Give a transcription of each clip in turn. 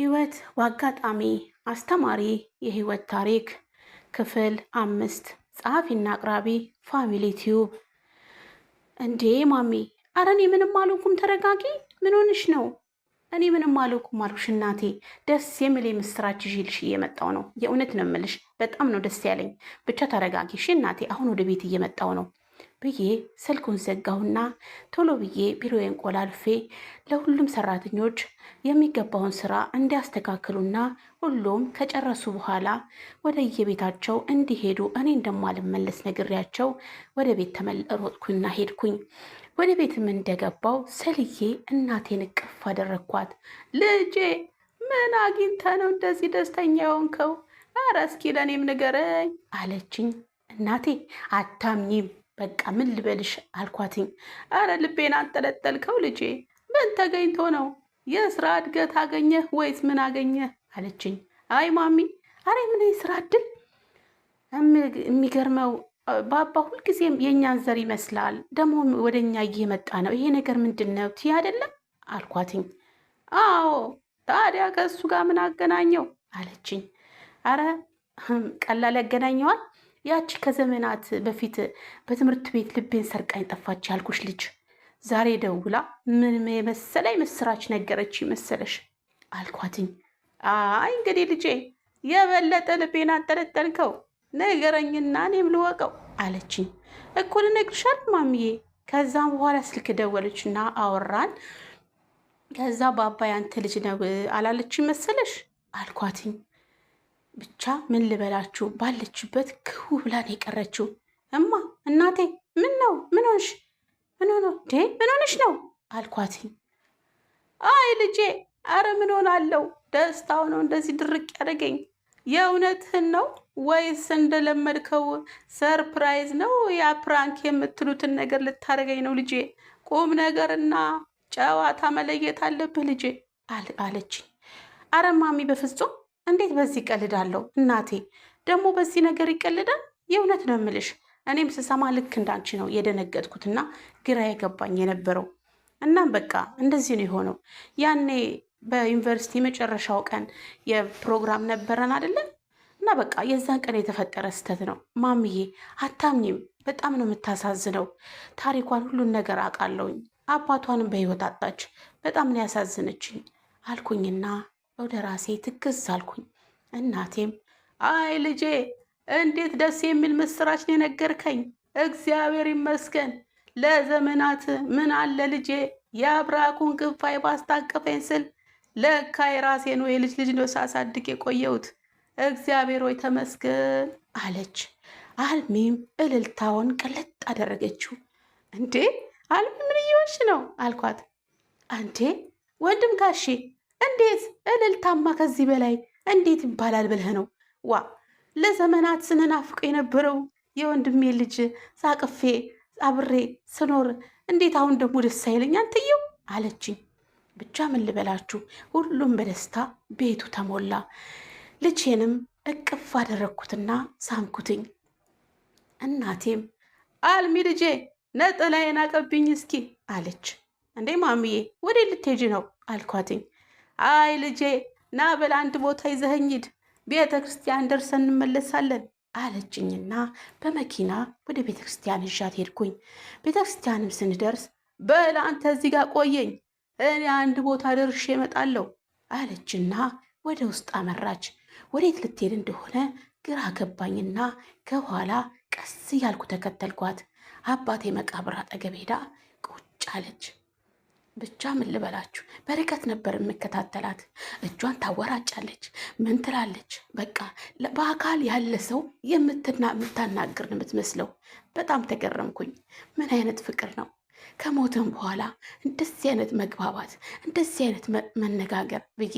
ህይወት ዋጋጣሚ አስተማሪ የህይወት ታሪክ ክፍል አምስት ጸሐፊና አቅራቢ ፋሚሊ ቲዩብ። እንዴ ማሚ፣ አረ እኔ ምንም አልኩም። ተረጋጊ። ምን ሆንሽ ነው? እኔ ምንም አልኩም አልኩሽ እናቴ። ደስ የሚል የምስራች ይዤልሽ እየመጣው ነው። የእውነት ነው የምልሽ፣ በጣም ነው ደስ ያለኝ። ብቻ ተረጋጊ እሺ እናቴ። አሁን ወደ ቤት እየመጣው ነው። ብዬ ስልኩን ዘጋሁና ቶሎ ብዬ ቢሮዬን ቆላልፌ ለሁሉም ሰራተኞች የሚገባውን ስራ እንዲያስተካክሉና ሁሉም ከጨረሱ በኋላ ወደየቤታቸው እንዲሄዱ እኔ እንደማልመለስ ነግሬያቸው ወደ ቤት ተመሮጥኩና ሄድኩኝ። ወደ ቤትም እንደገባው ሰልዬ እናቴን እቅፍ አደረግኳት። ልጄ ምን አግኝተ ነው እንደዚህ ደስተኛ የሆንከው? ኧረ እስኪ ለእኔም ንገረኝ አለችኝ። እናቴ አታምኝም በቃ ምን ልበልሽ አልኳትኝ። አረ ልቤን አንጠለጠልከው ልጄ፣ ምን ተገኝቶ ነው? የስራ እድገት አገኘህ ወይስ ምን አገኘህ አለችኝ። አይ ማሚ፣ አረ ምን ስራ እድል የሚገርመው በአባ ሁልጊዜም የእኛን ዘር ይመስላል። ደግሞ ወደ እኛ እየመጣ ነው። ይሄ ነገር ምንድን ነው ትይ አይደለም አልኳትኝ። አዎ ታዲያ ከእሱ ጋር ምን አገናኘው አለችኝ። አረ ቀላል ያገናኘዋል ያቺ ከዘመናት በፊት በትምህርት ቤት ልቤን ሰርቃኝ ጠፋች ያልኩሽ ልጅ ዛሬ ደውላ ምን የመሰለ የምስራች ነገረች መሰለሽ አልኳትኝ። አይ እንግዲህ ልጄ የበለጠ ልቤን አንጠለጠልከው ነገረኝና እኔም ልወቀው አለችኝ። እኮ ልነግርሻል ማምዬ። ከዛም በኋላ ስልክ ደወለችና አወራን። ከዛ በአባይ አንተ ልጅ ነው አላለችኝ መሰለሽ አልኳትኝ። ብቻ ምን ልበላችሁ ባለችበት ክው ብላን የቀረችው እማ እናቴ ምን ነው ምን ሆንሽ ምን ሆኖ ዴ ምን ሆንሽ ነው አልኳትኝ አይ ልጄ አረ ምን ሆናለው ደስታው ነው እንደዚህ ድርቅ ያደገኝ የእውነትህን ነው ወይስ እንደለመድከው ሰርፕራይዝ ነው ያ ፕራንክ የምትሉትን ነገር ልታደርገኝ ነው ልጄ ቁም ነገርና ጨዋታ መለየት አለብህ ልጄ አለችኝ አረ ማሚ በፍጹም እንዴት በዚህ ይቀልዳለሁ? እናቴ ደግሞ በዚህ ነገር ይቀልዳል? የእውነት ነው የምልሽ። እኔም ስሰማ ልክ እንዳንቺ ነው የደነገጥኩትና ግራ የገባኝ የነበረው። እናም በቃ እንደዚህ ነው የሆነው። ያኔ በዩኒቨርሲቲ መጨረሻው ቀን የፕሮግራም ነበረን አይደለም? እና በቃ የዛን ቀን የተፈጠረ ስህተት ነው። ማምዬ አታምኝም። በጣም ነው የምታሳዝነው። ታሪኳን፣ ሁሉን ነገር አውቃለሁኝ። አባቷንም በህይወት አጣች። በጣም ነው ያሳዝነችኝ አልኩኝና ወደ ራሴ ትክዝ አልኩኝ። እናቴም አይ ልጄ እንዴት ደስ የሚል ምስራች የነገርከኝ። እግዚአብሔር ይመስገን። ለዘመናት ምን አለ ልጄ የአብራኩን ክፋይ ባስታቀፈኝ ስል ለካ የራሴ ነው የልጅ ልጅ ነው ሳሳድግ የቆየሁት። እግዚአብሔር ወይ ተመስገን አለች። አልሚም እልልታውን ቅልጥ አደረገችው። እንዴ አልሚ ምን እየሆንሽ ነው አልኳት። አንዴ ወንድም ጋሼ እንዴት እልልታማ ከዚህ በላይ እንዴት ይባላል ብለህ ነው ዋ ለዘመናት ስንናፍቅ የነበረው የወንድሜ ልጅ ሳቅፌ አብሬ ስኖር እንዴት አሁን ደግሞ ደስ አይለኝ አንትየው አለችኝ። ብቻ ምን ልበላችሁ ሁሉም በደስታ ቤቱ ተሞላ። ልቼንም እቅፍ አደረግኩትና ሳምኩትኝ። እናቴም አልሚ ልጄ ነጠላዬን አቀብኝ እስኪ አለች። እንዴ ማምዬ ወዴት ልትሄጂ ነው አልኳትኝ። አይ ልጄ ና በል አንድ ቦታ ይዘኸኝ ሂድ፣ ቤተ ክርስቲያን ደርሰን እንመለሳለን አለችኝና በመኪና ወደ ቤተ ክርስቲያን ይዣት ሄድኩኝ። ቤተ ክርስቲያንም ስንደርስ በል አንተ እዚህ ጋር ቆየኝ፣ እኔ አንድ ቦታ ደርሼ እመጣለሁ አለችና ወደ ውስጥ አመራች። ወዴት ልትሄድ እንደሆነ ግራ ገባኝና ከኋላ ቀስ እያልኩ ተከተልኳት። አባቴ መቃብር አጠገብ ሄዳ ቁጭ አለች። ብቻ ምን ልበላችሁ፣ በርቀት ነበር የምከታተላት። እጇን ታወራጫለች፣ ምን ትላለች። በቃ በአካል ያለ ሰው የምታናግር የምትመስለው። በጣም ተገረምኩኝ። ምን አይነት ፍቅር ነው! ከሞትም በኋላ እንደዚህ አይነት መግባባት፣ እንደዚህ አይነት መነጋገር ብዬ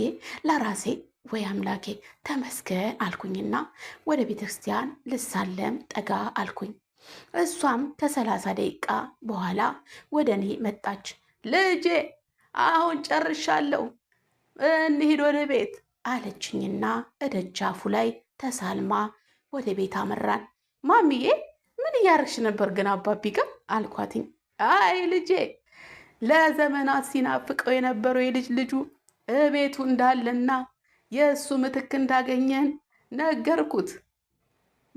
ለራሴ ወይ አምላኬ ተመስገን አልኩኝና ወደ ቤተ ክርስቲያን ልሳለም ጠጋ አልኩኝ። እሷም ከሰላሳ ደቂቃ በኋላ ወደ እኔ መጣች። ልጄ አሁን ጨርሻለሁ፣ እንሂድ ወደ ቤት አለችኝና እደጃፉ ላይ ተሳልማ ወደ ቤት አመራን። ማሚዬ ምን እያረግሽ ነበር ግን አባቢ ጋር አልኳትኝ። አይ ልጄ ለዘመናት ሲናፍቀው የነበረው የልጅ ልጁ እቤቱ እንዳለና የእሱ ምትክ እንዳገኘን ነገርኩት።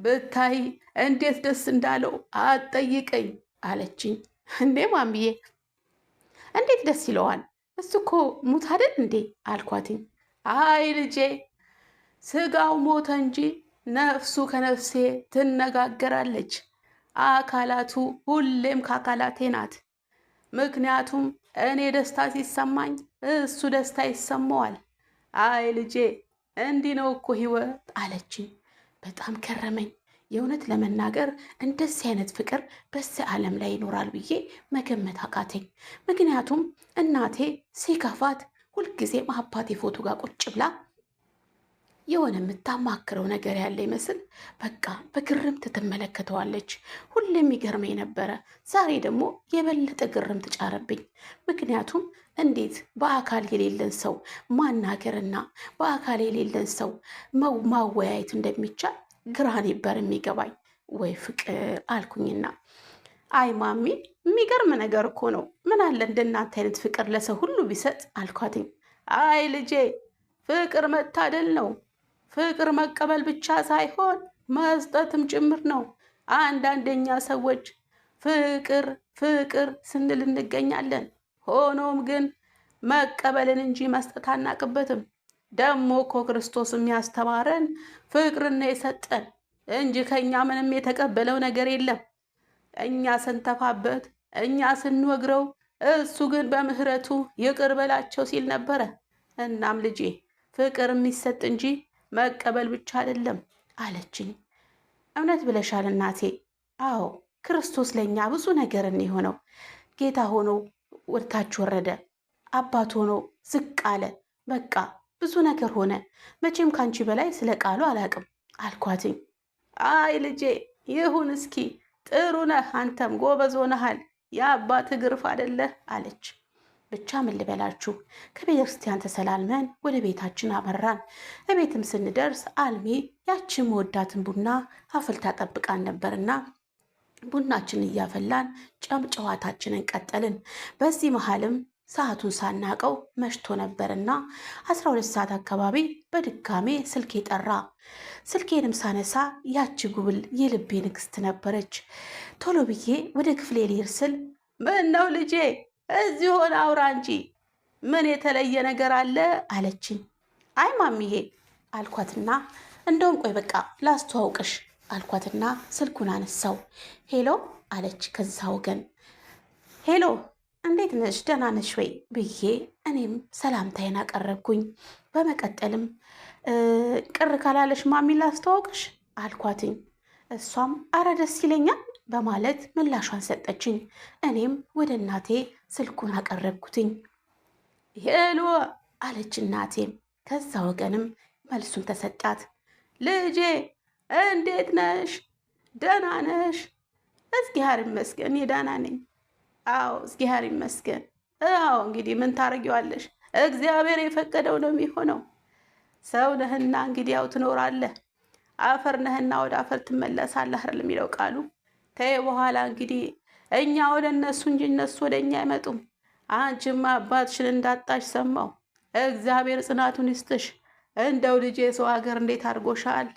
ብታይ እንዴት ደስ እንዳለው አትጠይቀኝ አለችኝ። እንዴ ማሚዬ እንዴት ደስ ይለዋል? እሱ እኮ ሙት አይደል እንዴ አልኳትኝ። አይ ልጄ ስጋው ሞተ እንጂ ነፍሱ ከነፍሴ ትነጋገራለች። አካላቱ ሁሌም ከአካላቴ ናት። ምክንያቱም እኔ ደስታ ሲሰማኝ እሱ ደስታ ይሰማዋል። አይ ልጄ እንዲህ ነው እኮ ህይወት አለችኝ። በጣም ገረመኝ። የእውነት ለመናገር እንደዚህ አይነት ፍቅር በዚህ ዓለም ላይ ይኖራል ብዬ መገመት አቃተኝ። ምክንያቱም እናቴ ሲከፋት ሁልጊዜም አባቴ ፎቶ ጋር ቁጭ ብላ የሆነ የምታማክረው ነገር ያለ ይመስል በቃ በግርምት ትመለከተዋለች። ሁሌም ይገርመኝ ነበረ። ዛሬ ደግሞ የበለጠ ግርምት ጫረብኝ። ምክንያቱም እንዴት በአካል የሌለን ሰው ማናገርና በአካል የሌለን ሰው ማወያየት እንደሚቻል ግራ ነበር የሚገባኝ። ወይ ፍቅር አልኩኝና አይ ማሚ፣ የሚገርም ነገር እኮ ነው። ምን አለ እንደናንተ አይነት ፍቅር ለሰው ሁሉ ቢሰጥ አልኳትኝ። አይ ልጄ፣ ፍቅር መታደል ነው። ፍቅር መቀበል ብቻ ሳይሆን መስጠትም ጭምር ነው። አንዳንደኛ ሰዎች ፍቅር ፍቅር ስንል እንገኛለን። ሆኖም ግን መቀበልን እንጂ መስጠት አናቅበትም። ደግሞ እኮ ክርስቶስ የሚያስተማረን ፍቅርን የሰጠን እንጂ ከእኛ ምንም የተቀበለው ነገር የለም። እኛ ስንተፋበት፣ እኛ ስንወግረው፣ እሱ ግን በምህረቱ ይቅር በላቸው ሲል ነበረ። እናም ልጄ ፍቅር የሚሰጥ እንጂ መቀበል ብቻ አይደለም አለችኝ። እውነት ብለሻል እናቴ። አዎ ክርስቶስ ለእኛ ብዙ ነገርን የሆነው ጌታ ሆኖ ወድታች ወረደ፣ አባት ሆኖ ዝቅ አለ። በቃ ብዙ ነገር ሆነ። መቼም ከአንቺ በላይ ስለ ቃሉ አላቅም አልኳትኝ። አይ ልጄ ይሁን እስኪ ጥሩ ነህ፣ አንተም ጎበዝ ሆነሃል። የአባት ግርፍ አደለህ አለች። ብቻ ምን ልበላችሁ ከቤተ ክርስቲያን ተሰላልመን ወደ ቤታችን አመራን። እቤትም ስንደርስ አልሜ ያችን መወዳትን ቡና አፍልታ ጠብቃን ነበርና ቡናችንን እያፈላን ጨም ጨዋታችንን ቀጠልን። በዚህ መሀልም ሰዓቱን ሳናቀው መሽቶ ነበርና ሁለት ሰዓት አካባቢ በድጋሜ ስልኬ ጠራ። ስልኬንም ሳነሳ ያቺ ጉብል የልቤ ንግስት ነበረች። ቶሎ ብዬ ወደ ክፍሌ ልሄድ ስል ምን ነው ልጄ እዚህ ሆነ አውራ እንጂ ምን የተለየ ነገር አለ አለችኝ። አይ ማሚዬ አልኳትና እንደውም ቆይ በቃ ላስተዋውቅሽ አልኳትና ስልኩን አነሳው። ሄሎ አለች ከዛ ወገን ሄሎ እንዴት ነሽ ደህና ነሽ ወይ ብዬ እኔም ሰላምታዬን አቀረብኩኝ። በመቀጠልም ቅር ካላለሽ ማሚ ላስተዋውቅሽ አልኳትኝ። እሷም አረ ደስ ይለኛል በማለት ምላሿን ሰጠችኝ። እኔም ወደ እናቴ ስልኩን አቀረብኩትኝ። ሄሎ አለች እናቴም። ከዛ ወገንም መልሱን ተሰጣት። ልጄ እንዴት ነሽ? ደህና ነሽ? እግዚአብሔር ይመስገን ደህና ነኝ አዎ እግዚአብሔር ይመስገን። አዎ እንግዲህ ምን ታደርጊዋለሽ? እግዚአብሔር የፈቀደው ነው የሚሆነው። ሰው ነህና እንግዲህ ያው ትኖራለህ፣ አፈር ነህና ወደ አፈር ትመለሳለህ አይደል የሚለው ቃሉ። ከይ በኋላ እንግዲህ እኛ ወደ እነሱ እንጂ እነሱ ወደ እኛ አይመጡም። አንቺማ አባትሽን እንዳጣሽ ሰማው። እግዚአብሔር ጽናቱን ይስጥሽ። እንደው ልጄ የሰው ሀገር እንዴት አድርጎሻል?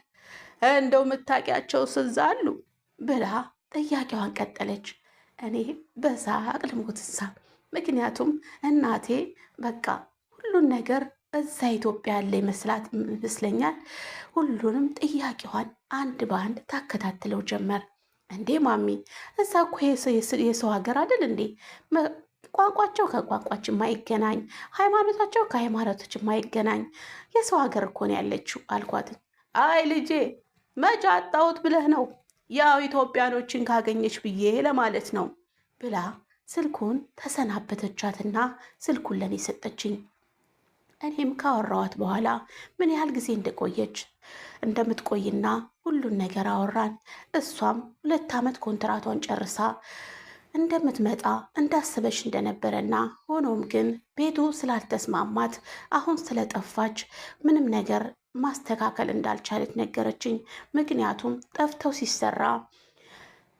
እንደው ምታቂያቸው ስዛሉ አሉ ብላ ጥያቄዋን ቀጠለች። እኔ በሳቅ ልሞት ሳቅ። ምክንያቱም እናቴ በቃ ሁሉን ነገር እዛ ኢትዮጵያ ያለ ይመስላት ይመስለኛል። ሁሉንም ጥያቄዋን አንድ በአንድ ታከታትለው ጀመር። እንዴ ማሚ እዛ እኮ የሰው ሀገር አይደል እንዴ? ቋንቋቸው ከቋንቋች የማይገናኝ ሃይማኖታቸው ከሃይማኖቶች የማይገናኝ የሰው ሀገር እኮ ነው ያለችው አልኳትኝ። አይ ልጄ መቼ አጣሁት ብለህ ነው ያው ኢትዮጵያኖችን ካገኘች ብዬ ለማለት ነው ብላ ስልኩን ተሰናበተቻትና ስልኩን ለኔ ሰጠችኝ። እኔም ካወራዋት በኋላ ምን ያህል ጊዜ እንደቆየች እንደምትቆይና ሁሉን ነገር አወራን። እሷም ሁለት ዓመት ኮንትራቷን ጨርሳ እንደምትመጣ እንዳሰበች እንደነበረና ሆኖም ግን ቤቱ ስላልተስማማት አሁን ስለጠፋች ምንም ነገር ማስተካከል እንዳልቻለች ነገረችኝ። ምክንያቱም ጠፍተው ሲሰራ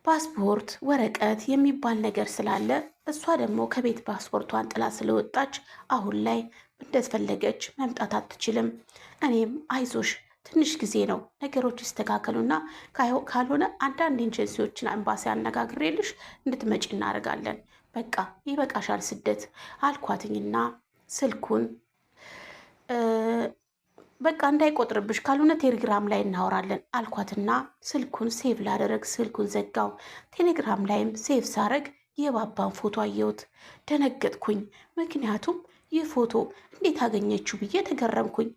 ፓስፖርት ወረቀት የሚባል ነገር ስላለ እሷ ደግሞ ከቤት ፓስፖርቷን ጥላ ስለወጣች አሁን ላይ እንደፈለገች መምጣት አትችልም። እኔም አይዞሽ ትንሽ ጊዜ ነው ነገሮች ይስተካከሉና ካልሆነ አንዳንድ ኤጀንሲዎችን ኤምባሲ አነጋግሬልሽ እንድትመጪ እናደርጋለን። በቃ ይበቃሻል ስደት አልኳትኝና ስልኩን በቃ እንዳይቆጥርብሽ ካልሆነ ቴሌግራም ላይ እናወራለን አልኳትና ስልኩን ሴቭ ላደረግ ስልኩን ዘጋው። ቴሌግራም ላይም ሴቭ ሳረግ የባባን ፎቶ አየሁት፣ ደነገጥኩኝ። ምክንያቱም ይህ ፎቶ እንዴት አገኘችው ብዬ ተገረምኩኝ።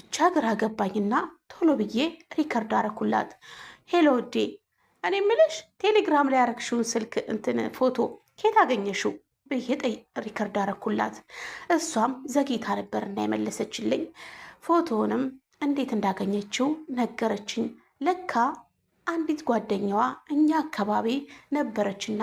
ብቻ ግራ ገባኝና ቶሎ ብዬ ሪከርድ አረኩላት። ሄሎ ውዴ፣ እኔ ምልሽ ቴሌግራም ላይ ያረግሽውን ስልክ እንትን ፎቶ ኬት አገኘሽው ብዬ ሪከርድ አረኩላት። እሷም ዘግይታ ነበርና የመለሰችልኝ ፎቶውንም እንዴት እንዳገኘችው ነገረችኝ። ለካ አንዲት ጓደኛዋ እኛ አካባቢ ነበረችና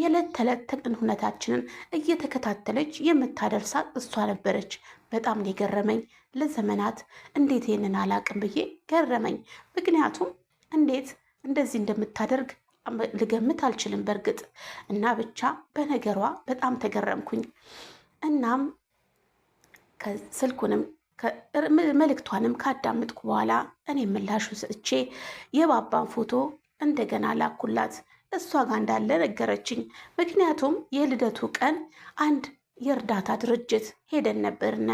የዕለት ተዕለት ሁነታችንን እየተከታተለች የምታደርሳ እሷ ነበረች። በጣም ነው የገረመኝ። ለዘመናት እንዴት ይህንን አላቅም ብዬ ገረመኝ። ምክንያቱም እንዴት እንደዚህ እንደምታደርግ ልገምት አልችልም። በእርግጥ እና ብቻ በነገሯ በጣም ተገረምኩኝ። እናም ስልኩንም መልእክቷንም ካዳመጥኩ በኋላ እኔ ምላሹ ሰጥቼ የባባን ፎቶ እንደገና ላኩላት። እሷ ጋር እንዳለ ነገረችኝ። ምክንያቱም የልደቱ ቀን አንድ የእርዳታ ድርጅት ሄደን ነበርና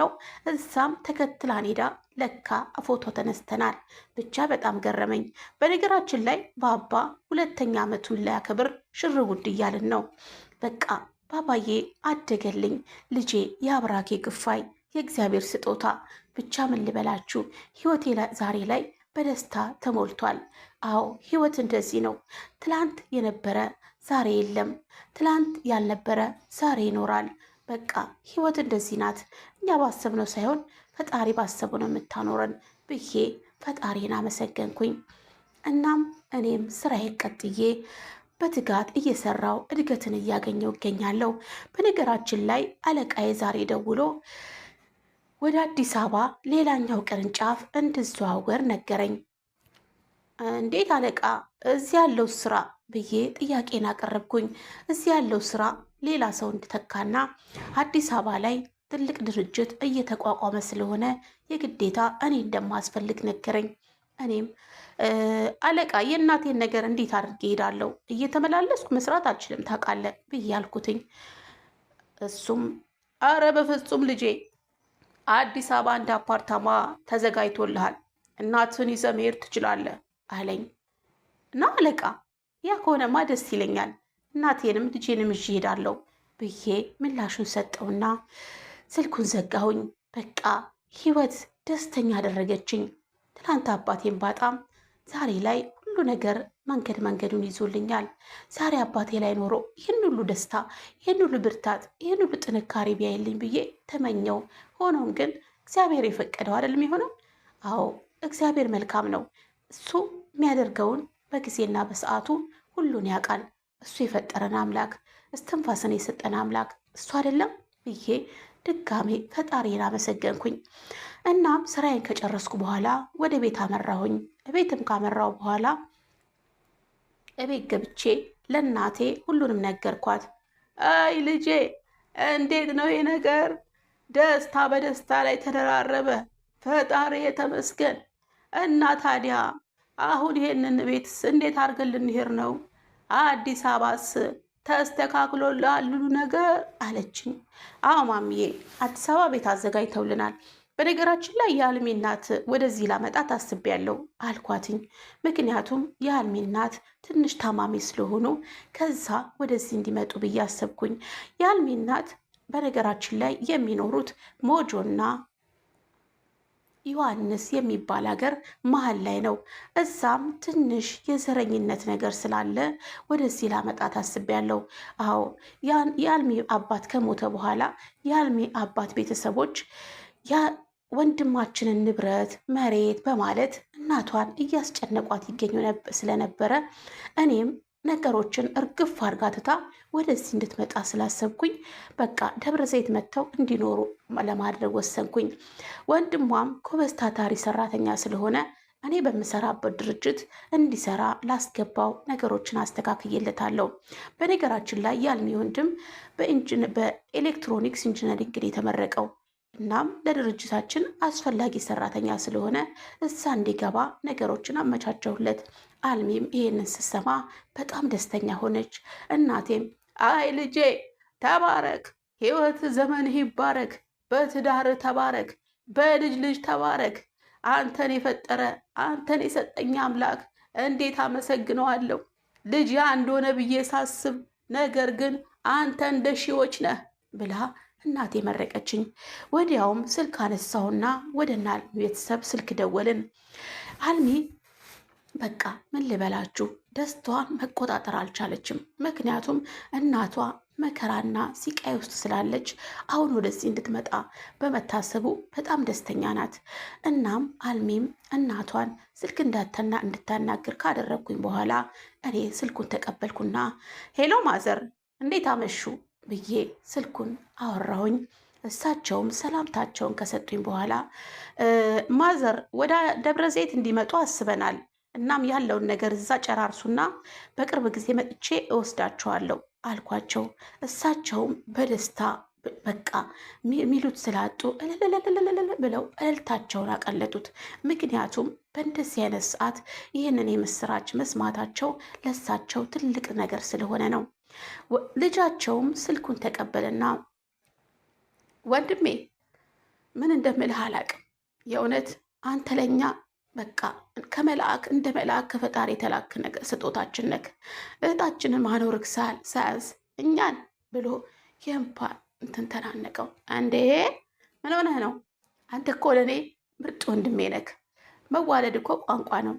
ነው። እዛም ተከትላን ሄዳ ለካ ፎቶ ተነስተናል። ብቻ በጣም ገረመኝ። በነገራችን ላይ ባባ ሁለተኛ ዓመቱን ላያከብር ሽር ጉድ እያልን ነው። በቃ ባባዬ አደገልኝ ልጄ፣ የአብራኬ ክፋይ የእግዚአብሔር ስጦታ ብቻ ምን ልበላችሁ፣ ህይወቴ ዛሬ ላይ በደስታ ተሞልቷል። አዎ ህይወት እንደዚህ ነው። ትላንት የነበረ ዛሬ የለም። ትላንት ያልነበረ ዛሬ ይኖራል። በቃ ህይወት እንደዚህ ናት። እኛ ባሰብነው ሳይሆን ፈጣሪ ባሰቡ ነው የምታኖረን ብዬ ፈጣሪን አመሰገንኩኝ። እናም እኔም ስራዬን ቀጥዬ በትጋት እየሰራው እድገትን እያገኘው እገኛለሁ። በነገራችን ላይ አለቃዬ ዛሬ ደውሎ ወደ አዲስ አበባ ሌላኛው ቅርንጫፍ እንድዘዋወር ነገረኝ። እንዴት አለቃ፣ እዚህ ያለው ስራ ብዬ ጥያቄን አቀረብኩኝ። እዚህ ያለው ስራ ሌላ ሰው እንድተካና አዲስ አበባ ላይ ትልቅ ድርጅት እየተቋቋመ ስለሆነ የግዴታ እኔ እንደማስፈልግ ነገረኝ። እኔም አለቃ፣ የእናቴን ነገር እንዴት አድርጌ ሄዳለሁ? እየተመላለስኩ መስራት አልችልም ታውቃለህ ብዬ አልኩትኝ። እሱም አረ በፍጹም ልጄ አዲስ አበባ አንድ አፓርታማ ተዘጋጅቶልሃል፣ እናትን ይዘህ መሄድ ትችላለህ አለኝ እና አለቃ፣ ያ ከሆነማ ደስ ይለኛል፣ እናቴንም ልጄንም ይዤ እሄዳለሁ ብዬ ምላሹን ሰጠውና ስልኩን ዘጋሁኝ። በቃ ህይወት ደስተኛ አደረገችኝ። ትናንት አባቴን ባጣም ዛሬ ላይ ሁሉ ነገር መንገድ መንገዱን ይዞልኛል። ዛሬ አባቴ ላይ ኖሮ ይህን ሁሉ ደስታ፣ ይህን ሁሉ ብርታት፣ ይህን ሁሉ ጥንካሬ ቢያይልኝ ብዬ ተመኘው። ሆኖም ግን እግዚአብሔር የፈቀደው አይደለም የሆነው። አዎ እግዚአብሔር መልካም ነው። እሱ የሚያደርገውን በጊዜና በሰዓቱ ሁሉን ያውቃል። እሱ የፈጠረን አምላክ፣ እስትንፋስን የሰጠን አምላክ እሱ አይደለም ብዬ ድጋሜ ፈጣሪን አመሰገንኩኝ። እናም ስራዬን ከጨረስኩ በኋላ ወደ ቤት አመራሁኝ። ቤትም ካመራው በኋላ እቤት ገብቼ ለእናቴ ሁሉንም ነገርኳት። አይ ልጄ እንዴት ነው ይህ ነገር? ደስታ በደስታ ላይ ተደራረበ። ፈጣሪ የተመስገን። እና ታዲያ አሁን ይሄንን ቤትስ እንዴት አድርገን ልንሄድ ነው? አዲስ አበባስ ተስተካክሎልሃል ሁሉ ነገር አለችኝ። አዎ ማምዬ፣ አዲስ አበባ ቤት አዘጋጅተውልናል። በነገራችን ላይ የአልሜ እናት ወደዚህ ላመጣት አስቤያለሁ አልኳትኝ። ምክንያቱም የአልሜ እናት ትንሽ ታማሚ ስለሆኑ ከዛ ወደዚህ እንዲመጡ ብዬ አሰብኩኝ። የአልሚ እናት በነገራችን ላይ የሚኖሩት ሞጆና ዮሐንስ የሚባል ሀገር መሀል ላይ ነው። እዛም ትንሽ የዘረኝነት ነገር ስላለ ወደዚህ ላመጣት አስቤያለሁ። አዎ የአልሚ አባት ከሞተ በኋላ የአልሚ አባት ቤተሰቦች ወንድማችንን ንብረት፣ መሬት በማለት እናቷን እያስጨነቋት ይገኙ ስለነበረ እኔም ነገሮችን እርግፍ አድርጋ ትታ ወደዚህ እንድትመጣ ስላሰብኩኝ በቃ ደብረ ዘይት መጥተው እንዲኖሩ ለማድረግ ወሰንኩኝ። ወንድሟም ጎበዝ ታታሪ ሰራተኛ ስለሆነ እኔ በምሰራበት ድርጅት እንዲሰራ ላስገባው ነገሮችን አስተካክዬለታለሁ። በነገራችን ላይ ያልኔ ወንድም በኤሌክትሮኒክስ ኢንጂነሪንግ የተመረቀው እናም ለድርጅታችን አስፈላጊ ሰራተኛ ስለሆነ እዛ እንዲገባ ነገሮችን አመቻቸውለት አልሚም ይሄንን ስትሰማ በጣም ደስተኛ ሆነች። እናቴም አይ ልጄ ተባረክ፣ ህይወት ዘመንህ ይባረክ፣ በትዳር ተባረክ፣ በልጅ ልጅ ተባረክ። አንተን የፈጠረ አንተን የሰጠኝ አምላክ እንዴት አመሰግነዋለሁ። ልጅ አንድ ሆነ ብዬ ሳስብ ነገር ግን አንተ እንደ ሺዎች ነህ ብላ እናቴ መረቀችኝ። ወዲያውም ስልክ አነሳውና ወደ ና ቤተሰብ ስልክ ደወልን። አልሚ በቃ ምን ልበላችሁ ደስታዋን መቆጣጠር አልቻለችም። ምክንያቱም እናቷ መከራና ሲቃይ ውስጥ ስላለች አሁን ወደዚህ እንድትመጣ በመታሰቡ በጣም ደስተኛ ናት። እናም አልሚም እናቷን ስልክ እንዳተና እንድታናግር ካደረግኩኝ በኋላ እኔ ስልኩን ተቀበልኩና ሄሎ ማዘር እንዴት አመሹ ብዬ ስልኩን አወራሁኝ። እሳቸውም ሰላምታቸውን ከሰጡኝ በኋላ ማዘር ወደ ደብረ ዘይት እንዲመጡ አስበናል። እናም ያለውን ነገር እዛ ጨራርሱና በቅርብ ጊዜ መጥቼ እወስዳቸዋለሁ አልኳቸው። እሳቸውም በደስታ በቃ ሚሉት ስላጡ እልልልልልልል ብለው እልልታቸውን አቀለጡት። ምክንያቱም በእንደዚህ አይነት ሰዓት ይህንን የምስራች መስማታቸው ለእሳቸው ትልቅ ነገር ስለሆነ ነው። ልጃቸውም ስልኩን ተቀበለና ወንድሜ ምን እንደምልህ አላቅም። የእውነት አንተ ለኛ በቃ ከመልአክ እንደ መልአክ ከፈጣሪ የተላክ ስጦታችን ነክ እህታችንን ማኖርክሳል ሳያንስ እኛን ብሎ የእንኳ እንትን ተናነቀው። እንዴ ምን ሆነህ ነው? አንተ እኮ ለእኔ ምርጥ ወንድሜ ነክ። መዋለድ እኮ ቋንቋ ነው።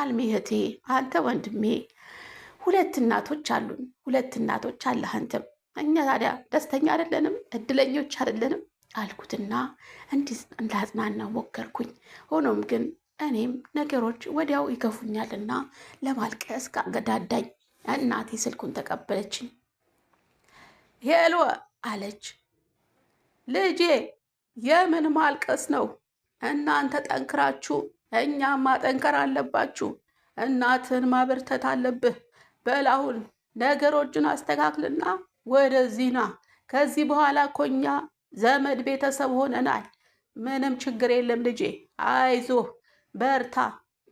አልሚ እህቴ፣ አንተ ወንድሜ ሁለት እናቶች አሉን፣ ሁለት እናቶች አለህንትም እኛ ታዲያ ደስተኛ አይደለንም፣ እድለኞች አይደለንም አልኩትና እንዲህ ላጽናናው ሞከርኩኝ። ሆኖም ግን እኔም ነገሮች ወዲያው ይከፉኛልና ለማልቀስ አገዳዳኝ። እናቴ ስልኩን ተቀበለችኝ። ሄሎ አለች። ልጄ የምን ማልቀስ ነው? እናንተ ጠንክራችሁ፣ እኛም ማጠንከር አለባችሁ። እናትን ማበርተት አለብህ። በላሁን ነገሮችን አስተካክልና ወደዚህ ና። ከዚህ በኋላ እኮ እኛ ዘመድ ቤተሰብ ሆነናል። ምንም ችግር የለም ልጄ፣ አይዞህ በርታ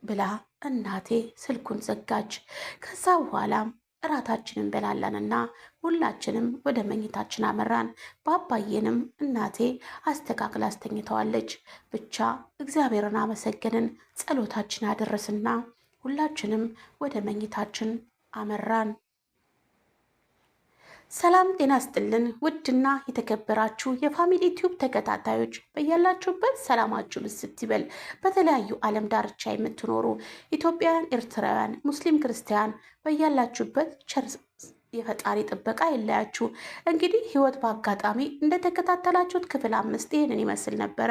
ብላ እናቴ ስልኩን ዘጋች። ከዛ በኋላም እራታችንን በላለንና ሁላችንም ወደ መኝታችን አመራን። በአባዬንም እናቴ አስተካክል አስተኝተዋለች። ብቻ እግዚአብሔርን አመሰገንን፣ ጸሎታችን አደረስና ሁላችንም ወደ መኝታችን አመራን። ሰላም ጤና ስጥልን። ውድና የተከበራችሁ የፋሚሊ ዩቲዩብ ተከታታዮች በያላችሁበት ሰላማችሁ ብስት ይበል። በተለያዩ ዓለም ዳርቻ የምትኖሩ ኢትዮጵያውያን፣ ኤርትራውያን፣ ሙስሊም ክርስቲያን በያላችሁበት ቸርስ የፈጣሪ ጥበቃ የለያችሁ። እንግዲህ ህይወት በአጋጣሚ እንደተከታተላችሁት ክፍል አምስት ይህንን ይመስል ነበረ።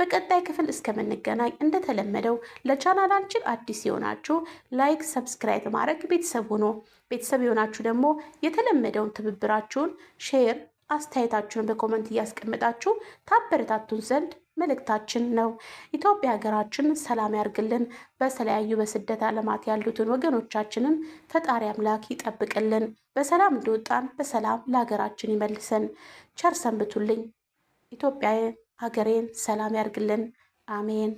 በቀጣይ ክፍል እስከምንገናኝ እንደተለመደው ለቻናላችን አዲስ የሆናችሁ ላይክ፣ ሰብስክራይብ ማድረግ ቤተሰብ ሆኖ ቤተሰብ የሆናችሁ ደግሞ የተለመደውን ትብብራችሁን ሼር፣ አስተያየታችሁን በኮመንት እያስቀምጣችሁ ታበረታቱን ዘንድ መልእክታችን ነው። ኢትዮጵያ ሀገራችን ሰላም ያርግልን። በተለያዩ በስደት ዓለማት ያሉትን ወገኖቻችንን ፈጣሪ አምላክ ይጠብቅልን። በሰላም እንደወጣን በሰላም ለሀገራችን ይመልሰን። ቸር ሰንብቱልኝ። ኢትዮጵያ ሀገሬን ሰላም ያርግልን። አሜን።